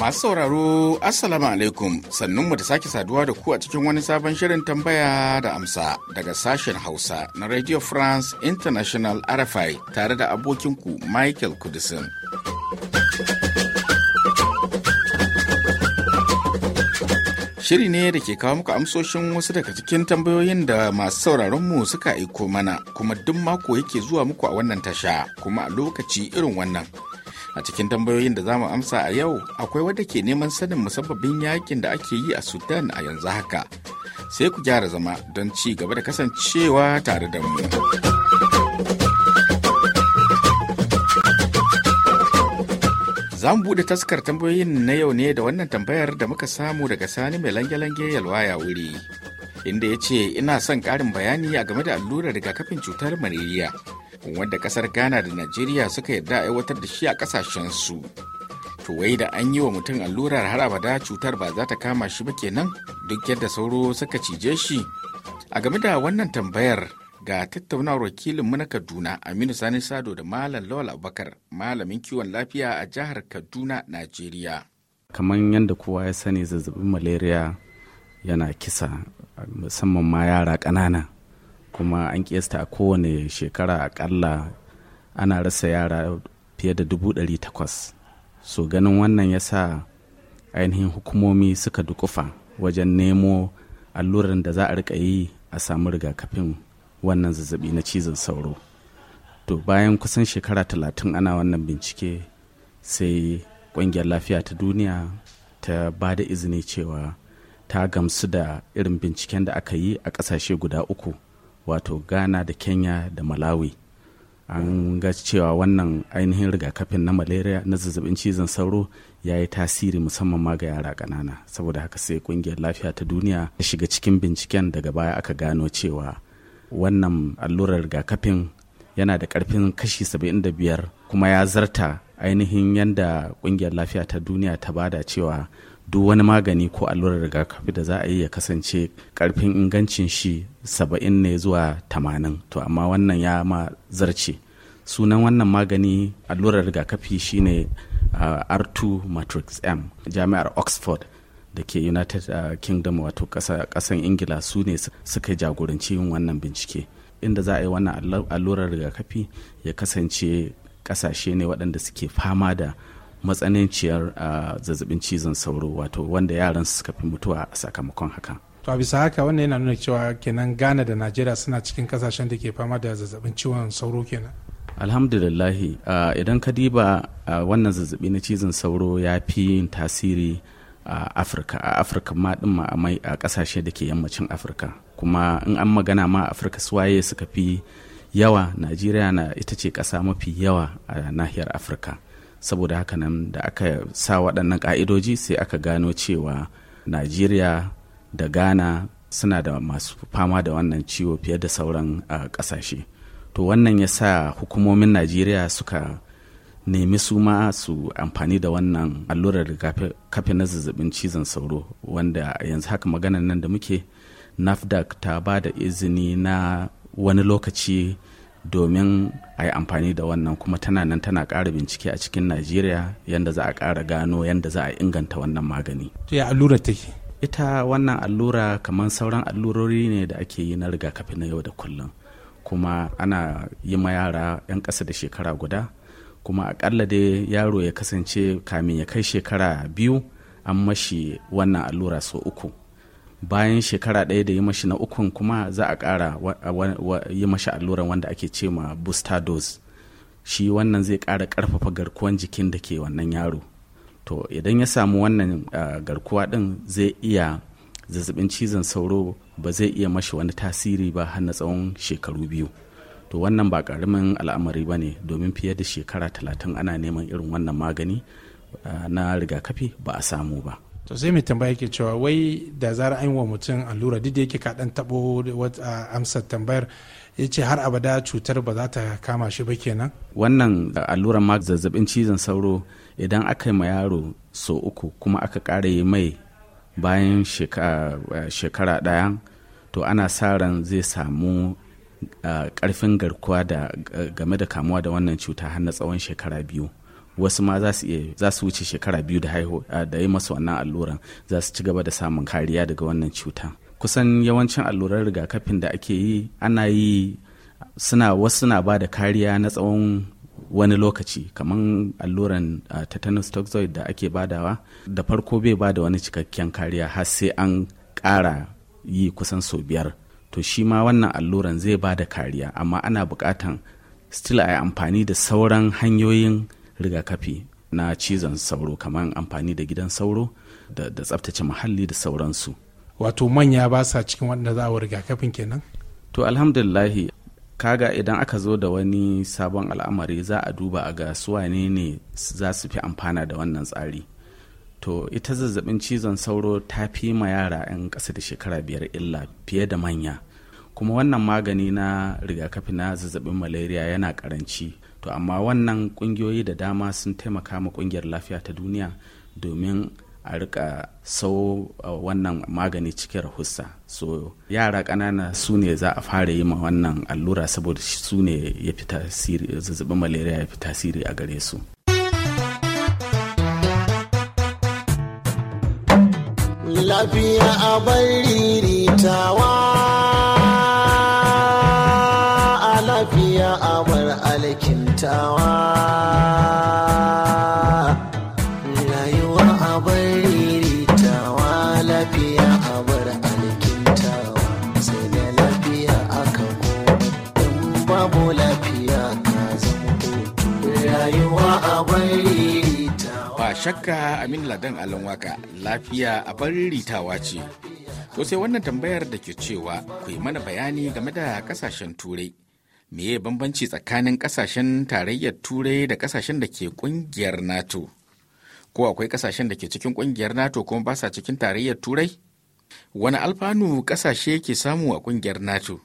Masu sauraro Assalamu alaikum sannun mu da sake saduwa da ku a cikin wani sabon shirin tambaya da amsa daga sashen Hausa na Radio France International RFI tare da abokinku Michael Kudisin. Shiri ne da ke kawo muku amsoshin wasu daga cikin tambayoyin da masu sauraron mu suka aiko mana kuma duk mako yake zuwa muku a wannan tasha kuma a lokaci irin wannan. A cikin tambayoyin da zamu amsa a yau akwai wadda ke neman sanin musabbabin yakin da ake yi a Sudan a yanzu haka. Sai ku gyara zama don ci gaba da kasancewa tare da mu. Za mu buɗe taskar tambayoyin na yau ne da wannan tambayar da muka samu daga Sani mai lange-lange yalwaya wuri. Inda ya ce ina son ƙarin bayani a game da allurar rigakafin cutar malaria wadda ƙasar Ghana da Najeriya suka yarda aiwatar da shi a ƙasashensu. To wai da an yi wa mutum allurar har abada cutar ba za ta kama shi ba kenan duk yadda sauro suka cije shi. A game da wannan tambayar ga tattaunawar wakilinmu na Kaduna Aminu Sani Sado da Malam Lawal Abubakar malamin kiwon lafiya a jihar Kaduna, Najeriya. Kamar yadda kowa ya sani zazzabin malaria yana kisa musamman ma yara ƙanana kuma an kiyasta a kowane shekara akalla ana rasa yara fiye da dubu ɗari takwas. So ganin wannan ya sa ainihin hukumomi suka dukufa wajen nemo allurar da za a rika yi a samu rigakafin wannan zazzabi na cizon sauro to bayan kusan shekara talatin ana wannan bincike sai ƙungiyar lafiya ta duniya ta ba da izini cewa ta gamsu da irin binciken da aka yi a ƙasashe guda uku wato ghana da kenya da malawi an ga cewa wannan ainihin rigakafin na malaria na zazzabin cizon sauro ya yi tasiri musamman ma ga yara ƙanana saboda haka sai ƙungiyar lafiya ta duniya ta shiga cikin binciken daga baya aka gano cewa wannan allurar rigakafin yana da karfin kashi 75 kuma ya zarta ainihin yadda kungiyar lafiya ta duniya ta bada cewa duk wani magani ko allurar rigakafi da za a yi ya kasance karfin ingancin shi 70 ne zuwa 80 to amma wannan ya ma zarce sunan wannan magani allurar rigakafi shine uh, r2 matrix m jami'ar oxford da ke united uh, kingdom wato kasan ingila su ne suka jagoranci yin wannan bincike inda za a yi wannan allurar rigakafi ya kasance kasashe ne waɗanda suke fama da matsananciyar uh, zazzabin cizon sauro wato wanda yaran suka fi mutuwa a sakamakon haka to bisa haka wannan yana nuna cewa kenan ghana da najeriya suna cikin kasashen da ke fama da zazzabin ciwon sauro kenan alhamdulillahi uh, idan ka diba wannan zazzabi na cizon sauro ya fi yin tasiri a afirka a afirka ma din ma a kasashe da ke yammacin afirka kuma in an magana ma afirka suwaye suka fi yawa najeriya na ita ce kasa mafi yawa a nahiyar afirka saboda haka nan da aka sa waɗannan ka'idoji sai aka gano cewa najeriya da ghana suna da masu fama da wannan ciwo fiye da sauran ƙasashe to wannan ya sa hukumomin najeriya suka nemi su ma su amfani da wannan allurar rigakafi na zazzabin cizon sauro wanda yanzu haka maganar nan da muke nafdak ta ba da izini na wani lokaci domin a yi amfani da wannan kuma tana nan tana ƙara bincike a cikin najeriya yadda za a ƙara gano yadda za a inganta wannan magani ya allura ita wannan allura kamar sauran allurori ne da ake yi na rigakafi na yau da kullum kuma ana yi ma yara 'yan ƙasa da shekara guda kuma akalla dai yaro ya kasance kamin ya kai shekara biyu an mashi wannan allura sau uku bayan shekara ɗaya da yi mashi na ukun kuma za a ƙara yi mashi alluran wanda ake ce ma booster dose shi wannan zai ƙara ƙarfafa garkuwan jikin da ke wannan yaro to idan ya samu wannan garkuwa ɗin zai iya zazzabin cizon sauro ba zai iya mashi wani tasiri ba har na tsawon shekaru biyu to wannan ba karamin al'amari ba ne domin fiye da shekara talatin ana neman irin wannan magani na rigakafi ba a samu ba to sai mai tambaya ke cewa wai da zara an wa mutum allura duk da yake ka dan tabo amsar tambayar ya ce har abada cutar ba za ta kama shi ba kenan wannan allurar ma zazzabin cizon sauro idan aka yi ma yaro so uku kuma aka kare mai bayan shekara ɗaya to ana sa ran zai samu karfin garkuwa da game da kamuwa da wannan cuta har na tsawon shekara biyu wasu ma za su wuce shekara biyu da haihu da yi masu wannan alluran za su ci gaba da samun kariya daga wannan cuta kusan yawancin alluran rigakafin da ake yi ana yi suna wasu na ba da kariya na tsawon wani lokaci kamar alluran tetanus toxoid da ake badawa da farko bai ba da wani cikakken kariya har sai an ƙara yi kusan sau biyar to shi ma wannan alluran zai ba da kariya amma ana buƙatan still a yi amfani da sauran hanyoyin rigakafi na cizon sauro kamar amfani da gidan sauro da tsaftace muhalli da sauransu wato manya ba sa cikin wanda za a rigakafin kenan to alhamdulillahi kaga idan aka zo da wani sabon al'amari za a duba a ga suwane ne za su fi amfana da wannan tsari to ita zazzabin cizon sauro ta fi ma yara 'yan ƙasa da shekara biyar illa fiye da manya kuma wannan magani na rigakafi na zazzabin malaria yana karanci to amma wannan ƙungiyoyi da dama sun taimaka ma ƙungiyar lafiya ta duniya domin a rika sau wannan magani cikin rahusa so yara ƙanana su ne za a fara yi ma wannan allura saboda su ne ya zazzabin malaria ya fi tasiri a gare su lafiya a bari ritawa a lafiya a bar alkintawa rayuwa a bari ritawa lafiya a bar alkintawa sai da lafiya aka ko babu lafiya ka zama rayuwa a bari a shakka amin ladan alon waka lafiya a ritawa ce to sai wannan tambayar da ke cewa ku yi mana bayani game da kasashen turai meye bambanci tsakanin kasashen tarayyar turai da kasashen da ke kungiyar nato ko akwai kasashen da ke cikin kungiyar nato kuma ba sa cikin tarayyar turai wani alfanu kasashe ke samu a kungiyar nato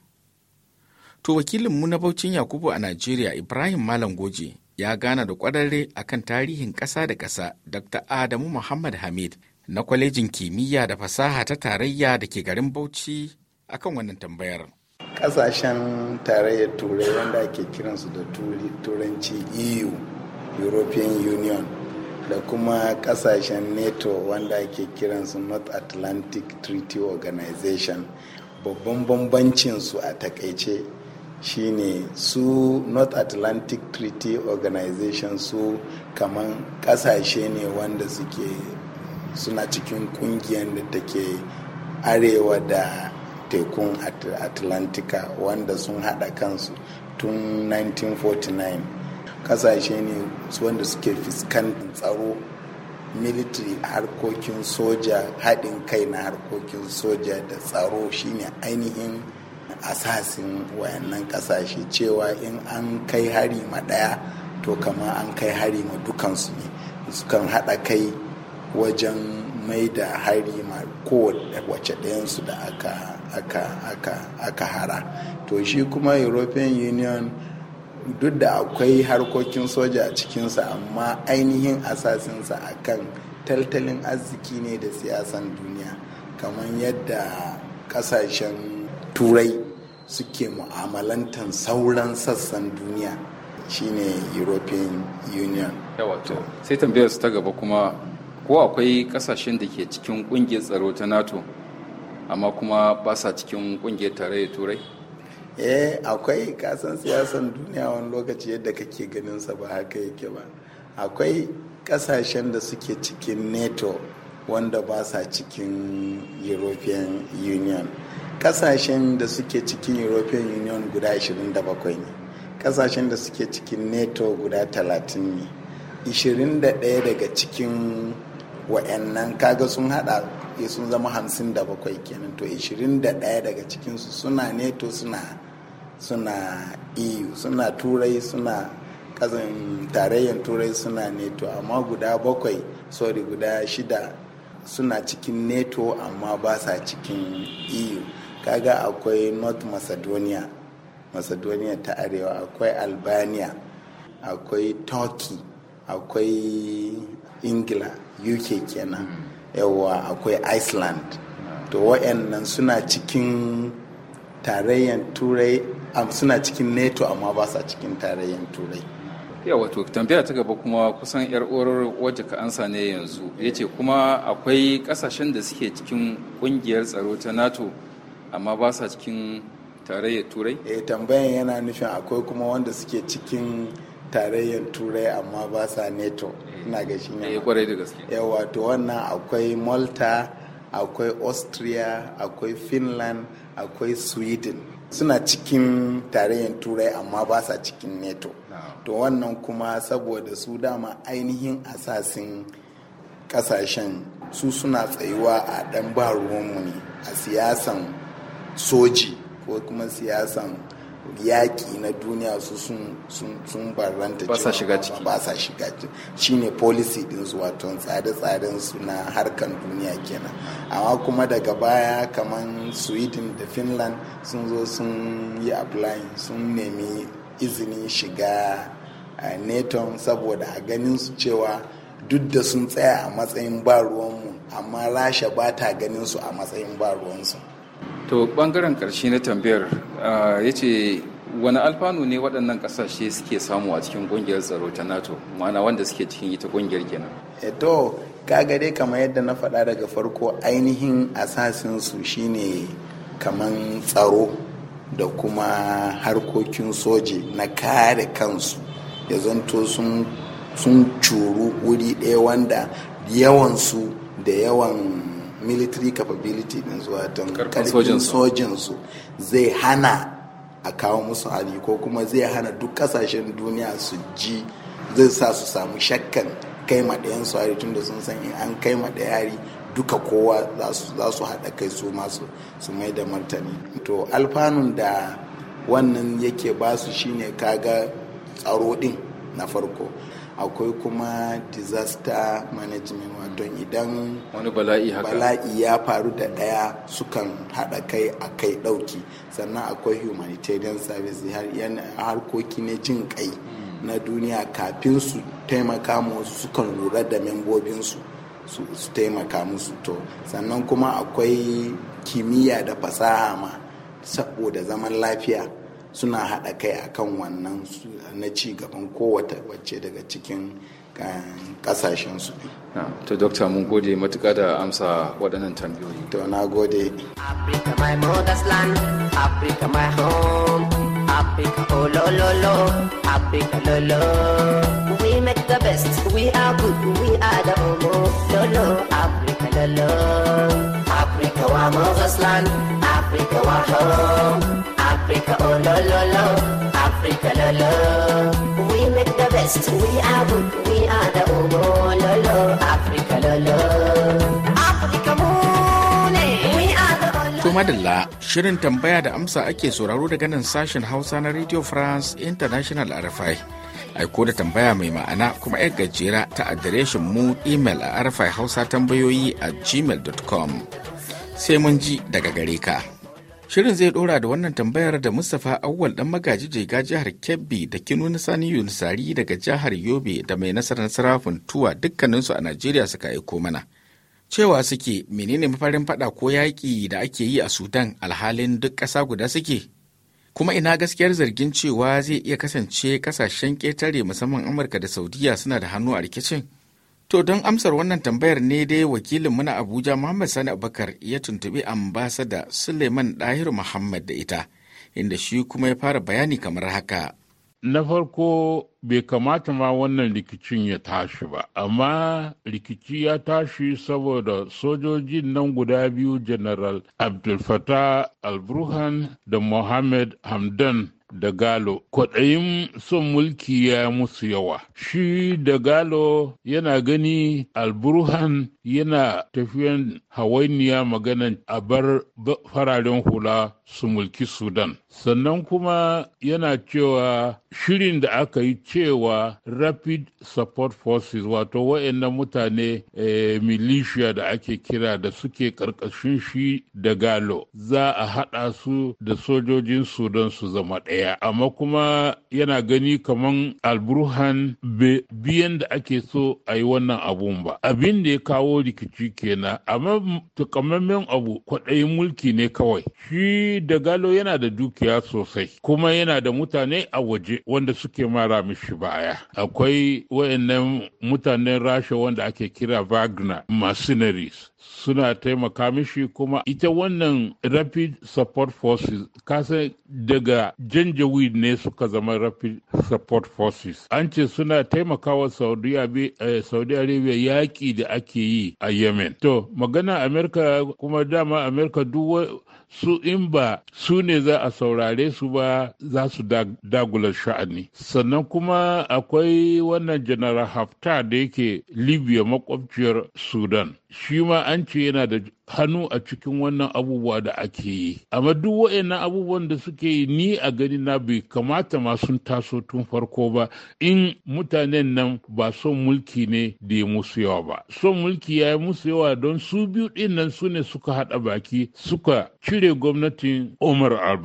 to wakilinmu na baucin yakubu a najeriya ibrahim malam goje ya gana da kwararre akan tarihin ƙasa da ƙasa Dr. Adamu Muhammad Hamid na kwalejin kimiyya da fasaha ta tarayya da ke garin Bauchi akan wannan tambayar. Ƙasashen tarayyar turai wanda ake kiransu da turanci EU, European Union, da kuma ƙasashen NATO wanda ake kiransu North Atlantic Treaty Organization, babban bambancinsu a takaice shine su north atlantic treaty organization su kaman kasashe ne wanda suke suna cikin kungiyar da take arewa da tekun atlantika wanda sun hada kansu tun 1949 kasashe ne wanda suke fuskantar tsaro military harkokin soja haɗin kai na harkokin soja da tsaro shine ainihin asasin wayannan kasashe cewa in an kai hari ma ɗaya to kama an kai hari ma dukansu ne sukan haɗa kai wajen mai da hari ma kowace ɗayansu da aka, hara to shi kuma european union duk da akwai harkokin soja a cikinsa amma ainihin asasinsa a kan taltalin arziki ne da siyasan duniya kamar yadda kasashen turai suke mu'amalantan sauran sassan duniya shine european union sai tambayar su ta gaba kuma ko akwai kasashen da ke cikin kungiyar tsaro ta nato amma kuma ba sa cikin kungiyar tarayyar turai eh akwai kasan siyasan duniya wani lokaci yadda kake ganin sa ba haka yake ba akwai kasashen da suke cikin nato wanda ba sa cikin european union kasashen da suke cikin european union guda 27 ne kasashen da suke cikin nato guda 30 ne 21 daga cikin wa'annan kaga sun hada ya eh, sun zama 57 kenan to 21 daga cikinsu suna nato suna suna eu suna turai suna kazan tarayyar turai suna nato amma guda bakwai sorry guda shida suna cikin nato amma ba sa cikin eu kaga akwai north macedonia macedonia ta arewa akwai albania akwai turkey akwai ingila uk kenan hmm. yawa akwai iceland to wa'annan suna cikin tarayyar turai suna cikin neto amma ba sa cikin tarayyar turai ya wato tambaya ta gaba kuma kusan yar orar waje ka ansa ne yanzu ya ce kuma akwai kasashen da suke cikin kungiyar tsaro ta nato amma ba sa cikin tarayyar turai eh tambayan yana nufin akwai kuma wanda suke cikin tarayyar turai amma ba sa neto ina ga shi ne eh, kwarai da gaske yawa wato wannan akwai malta akwai austria akwai finland akwai sweden suna cikin tarayyar turai amma ba sa cikin neto to wannan kuma saboda su dama ainihin asasin kasashen su suna tsayuwa a dan ba ruwanmu ne a siyasan soji ko kuma siyasan yaƙi na duniya su sun barranta ba sa shiga ciki ba sa shiga ciki shine policy din su wato tsare-tsaren su na harkan duniya kenan amma kuma daga baya kaman sweden da finland sun zo sun yi apply sun nemi izinin shiga eh, nato saboda a ganin su cewa duk da sun tsaya a matsayin ba ruwanmu amma rasha ba ta ganin su a matsayin ba ruwansu to bangaren karshe na tambayar ya ce wani alfanu ne waɗannan ƙasashe suke samu a cikin ƙungiyar tsaro ta nato mana wanda suke cikin ita ƙungiyar kenan eto eh kaga dai kamar yadda na faɗa daga farko ainihin asasinsu shine kaman tsaro da kuma harkokin soji na kare kansu ya zanto sun curu wuri ɗaya wanda yawansu da yawan military capability din zuwa don karfin sojinsu zai hana a kawo musu hari ko kuma zai hana duk kasashen duniya su ji zai sa su samu shakkan kai maɗayan su hari tunda sun san in an kai ɗaya hari duka kowa za su haɗa kai su masu su mai da martani to alfanun da wannan yake basu shine kaga tsaro din na farko akwai kuma disaster management wato idan wani bala'i haka bala'i ya faru da daya sukan hada kai a kai dauki sannan akwai humanitarian service harkoki na jin kai na duniya kafin su taimaka musu sukan lura da membobinsu su taimaka musu to sannan kuma akwai kimiyya da fasaha ma saboda zaman lafiya suna haɗa kai a kan wannan na ci gaban kowace wacce daga cikin kasashen eh, su ne. To Dokta mun gode matuƙa da amsa waɗannan tambayoyi. To na gode. Africa my mother's land, Africa my home, Africa oh lo lo lo, Africa lo lo. We make the best, we are good, we are the homo, lo lo, Africa lo lo. Africa our mother's land, Africa wa home. Africa, oh lo lo lo, Africa lo lo. We make the best, we are good, we are the oh, lo lo, Africa lo eh. oh, lo. madalla, shirin tambaya da amsa ake sauraro daga nan sashen Hausa na Radio France International RFI. aiko da tambaya mai ma'ana kuma 'yar gajera ta adireshin mu email a rfi hausa tambayoyi a gmail.com sai mun ji daga gare ka. Shirin zai dora da wannan tambayar da Mustapha Awwal dan magaji jega jihar Kebbi da na Sani Yunusari daga jihar Yobe da mai nasarar nasara Funtuwa dukkaninsu a Najeriya suka aiko mana. Cewa suke menene mafarin fada ko yaƙi da ake yi a Sudan alhalin duk ƙasa guda suke? Kuma ina gaskiyar zargin cewa zai iya kasance ƙasashen ƙetare musamman Amurka da Saudiya suna da hannu a rikicin? To don amsar wannan tambayar ne dai wakilin muna Abuja Muhammad Sani Abubakar ya tuntubi ambasada Suleiman Dahiru Muhammad da ita, inda shi kuma ya fara bayani kamar haka. Na farko bai kamata ma wannan rikicin ya tashi ba, amma rikici ya tashi saboda sojojin nan guda biyu General Abdul Fattah al-Burhan da Mohammed Hamdan da Galo kwaɗayin son mulki ya musu yawa. Shi da Galo yana gani alburhan yana tafiyan hawainiya maganan a bar fararen hula su mulki Sudan. Sannan kuma yana cewa shirin da aka yi cewa Rapid Support Forces wato wa'annan mutane e, militia da ake kira da suke ƙarƙashin shi da galo za a haɗa su da sojojin Sudan su zama ɗaya. Amma kuma yana gani kaman alburhan biyan da ake so a yi wannan abun ba. Abin da ya kawo rikici kenan amma takamammen abu kwaɗayin mulki ne kawai. Shi dagalo da galo yana da dukiya sosai kuma yana da mutane a waje wanda suke mara mishi baya akwai wayannan mutanen rasha wanda ake kira wagner mercenaries suna taimaka mishi kuma ita wannan rapid support forces kasan daga janjaweed ne suka zama rapid support forces an ce suna taimakawa eh, saudi arabia yaƙi da ake yi a yemen to magana amerika kuma dama amerika duk su in ba su ne za a saurare su ba za su dagula sha'ani sannan kuma akwai wannan janar hafta da yake libya makwabciyar sudan shi ma an ce yana da hannu a cikin wannan abubuwa da ake yi amma duk waɗannan abubuwan da suke yi ni a gani na bai kamata ma sun taso tun farko ba in mutanen nan ba son mulki ne da ya musu yawa ba son mulki ya yi musu yawa don su biyu ɗin nan su ne suka haɗa baki suka cire gwamnatin Umar al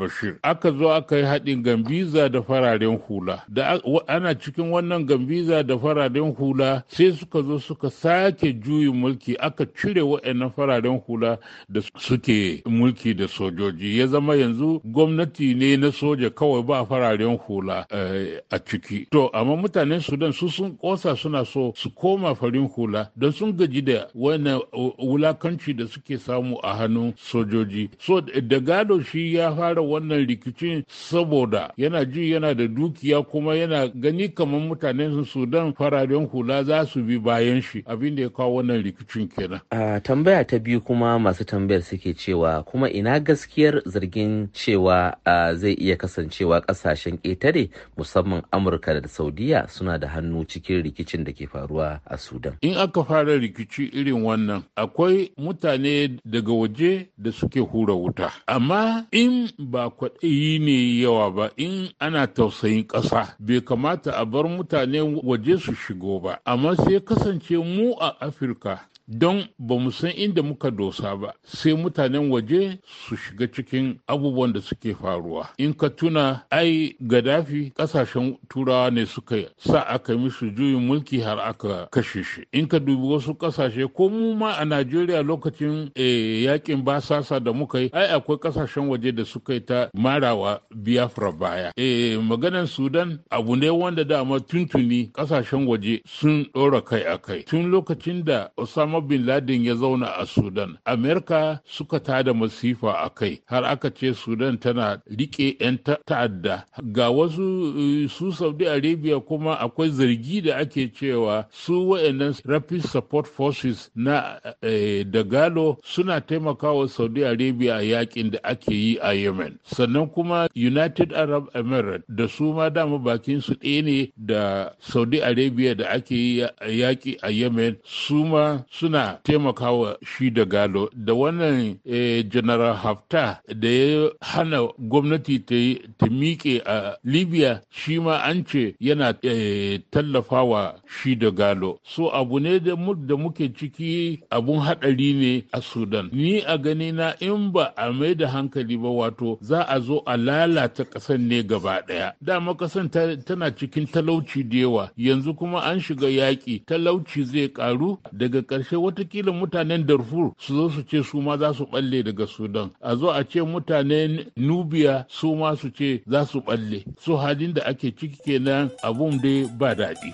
aka zo aka yi haɗin gambiza da fararen hula da ana cikin wannan gambiza da fararen hula sai suka zo suka sake juyin mulki aka cire waɗannan fararen hula hula da suke mulki da sojoji ya zama yanzu gwamnati ne na soja kawai ba fararen hula eh, a ciki to amma mutanen sudan su sun kosa suna so su koma farin hula don sun gaji da wannan eh, wulakanci da suke samu a hannun sojoji so da gado shi ya fara wannan rikicin saboda yana ji yana da dukiya kuma yana gani kamar mutanen sudan fararen hula za su bi bayan shi abin da ya kawo wannan rikicin kenan ah, tambaya ta biyu kuma kuma masu tambayar suke cewa kuma ina gaskiyar zargin cewa zai iya kasancewa kasashen ƙetare musamman amurka da saudiya suna da hannu cikin rikicin da ke faruwa a sudan in aka fara rikici irin wannan akwai mutane daga waje da suke hura wuta amma in ba kwaɗayi ne yawa ba in ana tausayin ƙasa bai kamata a bar mutane waje su shigo ba amma sai kasance mu a afirka don ba san inda muka dosa ba sai mutanen waje su shiga cikin abubuwan da suke faruwa in ka tuna ai gadafi kasashen turawa ne suka sa aka musu juyin mulki har aka kashe shi in ka dubi wasu kasashe ko mu ma a najeriya lokacin eh, yakin basasa da muka yi ai akwai kasashen waje da suka yi ta marawa biafra baya e, maganan sudan abu ne wanda dama tuntuni kasashen waje sun ɗora kai a kai tun lokacin da osama bin Laden ya zauna a Sudan. Amerika suka tada masifa a kai har aka ce Sudan tana rike 'yan ta'adda. Ga wasu eh, su Saudi Arabia kuma akwai zargi da ake cewa su wa'annan Rapid Support Forces na eh, Dagalo suna taimakawa Saudi Arabia a yakin da ake yi a Yemen. Sannan kuma United Arab Emirates da su ma dama bakin su ɗaya ne da Saudi Arabia da ake yi a yaki a Yemen su ma suna suna taimakawa shi da galo da wannan eh, general hafta da ya hana gwamnati ta miƙe a libya shi ma an ce yana eh, tallafawa shi da galo so abu ne da muke ciki abun haɗari ne a sudan ni a gani na in ba a mai da hankali ba wato za a zo a lalata ƙasar ne gaba ɗaya dama ƙasar tana cikin talauci da yawa yanzu kuma an shiga yaƙi talauci zai ƙaru daga ƙarshe watakila mutanen darfur su zo su ce su ma za su balle daga sudan a zo a ce mutanen nubiya su ma su ce za su balle su halin da ake ciki kenan abun dai ba daɗi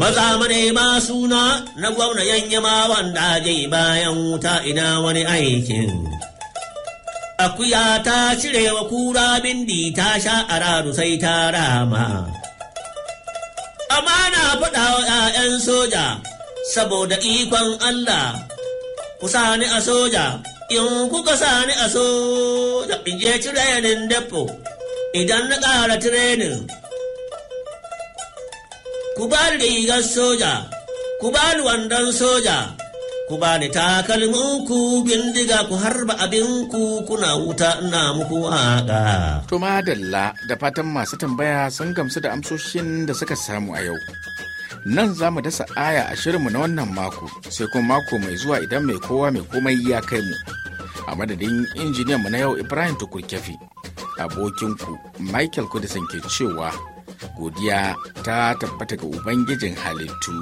Maza ma suna na gwamna ma wanda je bayan wuta ina wani aikin. Akuya ta cire wa kura bindi ta sha a sai ta rama. Amma na faɗa wa ‘ya'yan soja saboda ikon Allah, ku sani a soja, in kuka sani a soja, in je tirenin depo, idan na ƙara tirenin. Ku ba ni rigar soja, ku ba ni wandon soja, ku ba ni takalminku bindiga ku harba abinku kuna wuta ina muku Tuma To madalla da fatan masu tambaya sun gamsu da amsoshin da suka samu a yau. nan za mu dasa aya a shirinmu na wannan mako sai kuma mako mai zuwa idan mai kowa mai komai ya kai mu a madadin injiniyanmu na yau ibrahim tukurkefi abokinku michael kudisan ke cewa godiya ta tabbata ga ubangijin halittu